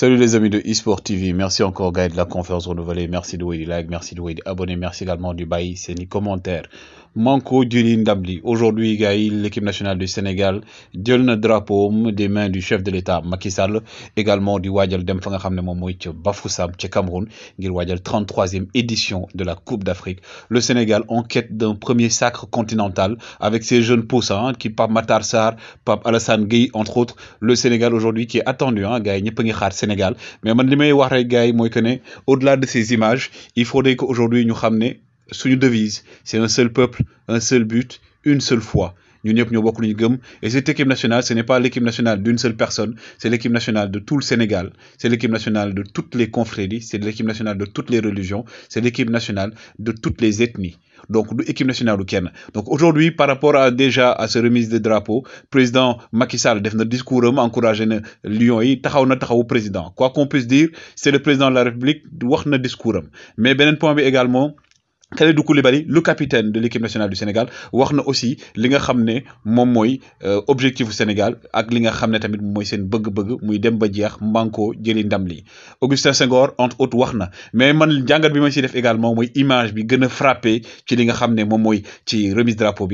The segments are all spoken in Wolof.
Salut les amis de eSport TV, merci encore Gaël de la conférence renouvelée, merci de vous like, merci de merci également du bail, c'est les commentaires. Manko Djulin Dabli, aujourd'hui Gaël, l'équipe nationale du Sénégal, Djulna drapeau des mains du chef de l'État Macky Sall, également du Wadjal Demfanga Khamne Bafoussam, Cameroun, Gil Wadjal 33e édition de la Coupe d'Afrique. Le Sénégal en quête d'un premier sacre continental avec ses jeunes poussins, hein, qui Pape Matar Sar, Pape Alassane Gueye, entre autres. Le Sénégal aujourd'hui qui est attendu, hein, Guy, Sénégal mais au-delà de ces images il faudrait qu'aujourd'hui nous xamné sous une devise c'est un seul peuple un seul but une seule foi Nous ñëpp ñoo et cette équipe nationale ce n'est pas l'équipe nationale d'une seule personne c'est l'équipe nationale de tout le Sénégal c'est l'équipe nationale de toutes les confréries c'est l'équipe nationale de toutes les religions c'est l'équipe nationale de toutes les ethnies donc l'équipe nationale du donc aujourd'hui par rapport à déjà à ce remise de le président Macky Sall fait un discours vraiment encouragé président quoi qu'on puisse dire c'est le président de la République fait un discours mais un point également Kalidou Koulibaly le capitaine de l'équipe nationale du Sénégal aussi li nga xamné euh, objectif du Sénégal ak li nga xamné tamit Augustin Senghor entre autres mais man également image bi frappé ci li nga remise drapeau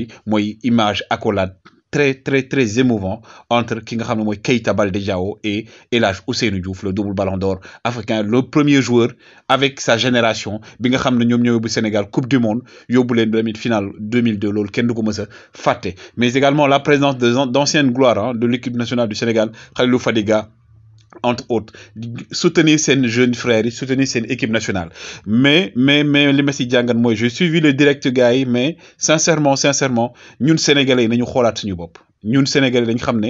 image accolade très très très émouvant entre qui nga Keita Baldé et El Osey Ousseynou le double ballon d'or africain le premier joueur avec sa génération bi nga xamne ñom Sénégal coupe du monde yóbbu demi finale 2002 lol kenn du mais également la présence de d'anciennes gloires hein, de l'équipe nationale du Sénégal Khalilou Fadiga entre autres soutenir seen jeunes frères soutenir seen équipe nationale mais mais mais les Messi si moi je j'ai suivi le direct gars mais sincèrement sincèrement ñun sénégalais nous nous xoolaat suñu bopp ñun sénégalais nous xam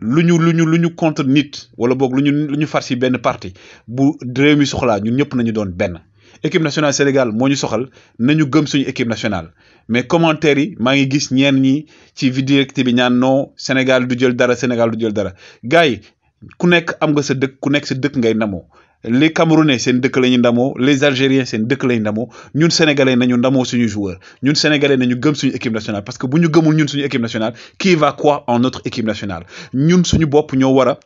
luñu luñu luñu contre nit wala bok luñu luñu lu ben parti bu réew soxla ñun ñëpp nañu doon ben équipe nationale Sénégal moñu soxal nañu gëm suñu équipe nationale mais commentaire yi ma ngi gis ñeen ñi ci direct bi ñaan non Sénégal du jël dara Sénégal du jël dara gars yi ku nekk am nga sa dëkk ku nekk sa dëkk ngay ndamoo les Camerounais seen dëkk lañu ñu ndamoo les Algériens seen dëkk la ñu ndamoo ñun sénégalais nañu ndamoo suñu joueur ñun sénégalais nañu gëm suñu équipe nationale parce que bu ñu gëmul ñun suñu équipe nationale qui va croire en notre équipe nationale ñun suñu bopp ñoo war a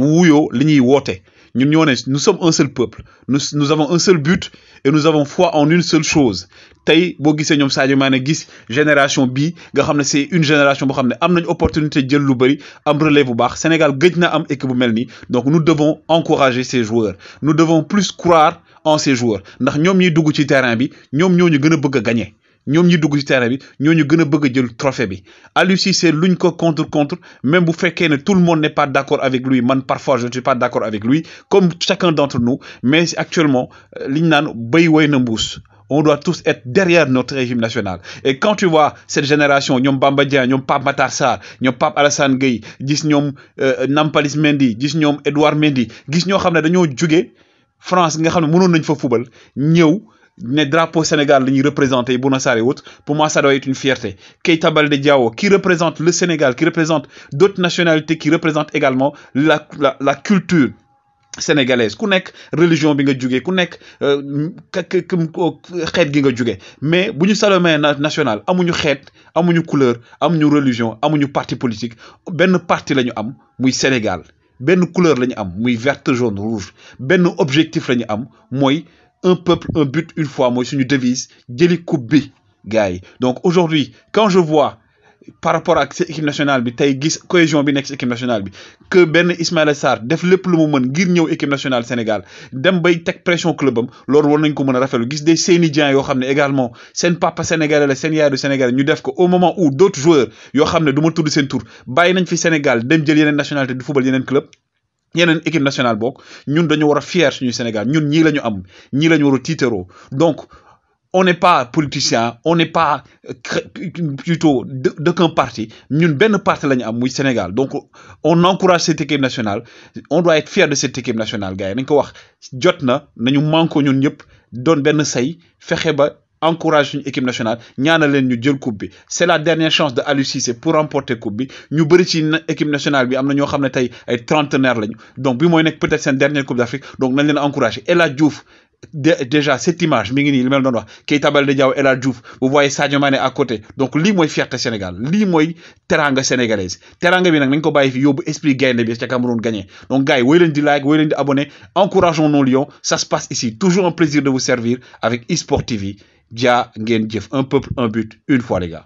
wuyoo li ñuy woote ñun nous sommes un seul peuple nous nous avons un seul but et nous avons foi en une seule chose Tay, boo gisee ñoom Sadio Mané génération B, nga c'est une génération boo xam opportunité de lu bëri am relève Sénégal a une équipe bu donc nous devons encourager ces joueurs nous devons plus croire en ces joueurs ndax devons ñuy dugg ci terrain bi ñoom ñoo ñu gagner nous, ñi dugg ci terrain bi gën a bëgg a jël trophée bi alusi c'est luñ contre contre même bu tout le monde n'est pas d'accord avec lui man parfois je ne suis pas d'accord avec lui comme chacun d'entre nous mais actuellement euh, liñ naan on doit tous être derrière notre régime national. Et quand tu vois cette génération, nous Bamba Bambadia, nous Pape sarr nous Pape Alassane Gueye, nous euh, Nampalis Mendy, nous Edouard Mendy, nous Hamna, nous Djugé, France, nous nañ nous Football, nous ne drapeau Sénégal la ñuy représenter Buenos pour moi ça doit être une fierté Keita Balde Diao qui représente le Sénégal qui représente d'autres nationalités qui représente également la, la, culture sénégalaise ku la religion Qui nga la ku euh, gi nga mais si nous sommes national nous avons amuñu couleur amuñu religion amuñu parti politique nous parti la ñu am muy Sénégal benn couleur la am muy verte jaune rouge benn objectif que am C'est un peuple, un but, une fois. Moi, c'est une devise. Djelikoubé, gars. Donc aujourd'hui, quand je vois par rapport à l'équipe équipe nationale bi tey gis cohésion bi l'équipe nationale que Ben Ismaël Assar def fait le plus mën ngir pour équipe nationale Sénégal dem bay teg pression club am loolu war nañ ko mën a gis des Seny Dieng yoo également papa sénégalais la un père du Sénégal ñu def ko au moment où d'autres joueurs yoo xam de du tour, de seen tur bàyyi nañ fi Sénégal dem jël le nationalité du football yeneen club yenen équipe nationale bok, ñun dañu wara fier suñu Sénégal ñun ñi lañu am ñi lañu wara titéro donc on n'est pas politicien on n'est pas euh, plutôt d'aucun parti ñun benn parti lañu am muy Sénégal donc on encourage cette équipe nationale on doit être fier de cette équipe nationale gars yi nañ ko wax jotna nañu manko ñun ñep don benn say fexé ba encourage une équipe nationale ñaanal ñu jël coupe bi la dernière chance de pour remporter coupe bi ñu bari ci équipe nationale bi amna ño xamné tay trentenaire donc bi moy nek peut être seen dernière coupe d'Afrique. donc nañ leen encourager. El Diouf déjà cette image mi ngi wax Keita Diaw vous voyez Sadio Mané à côté donc li moy fierté Sénégal li moy teranga sénégalaise teranga bi nak nañ ko Esprit, fi yobu esprit gaynde bi Cameroun gagné donc gars yi woy leen di like woy leen di abonner encourageons nos lions ça se passe ici toujours un plaisir de vous servir avec eSport TV Dia Ngen un peuple un but une fois les gars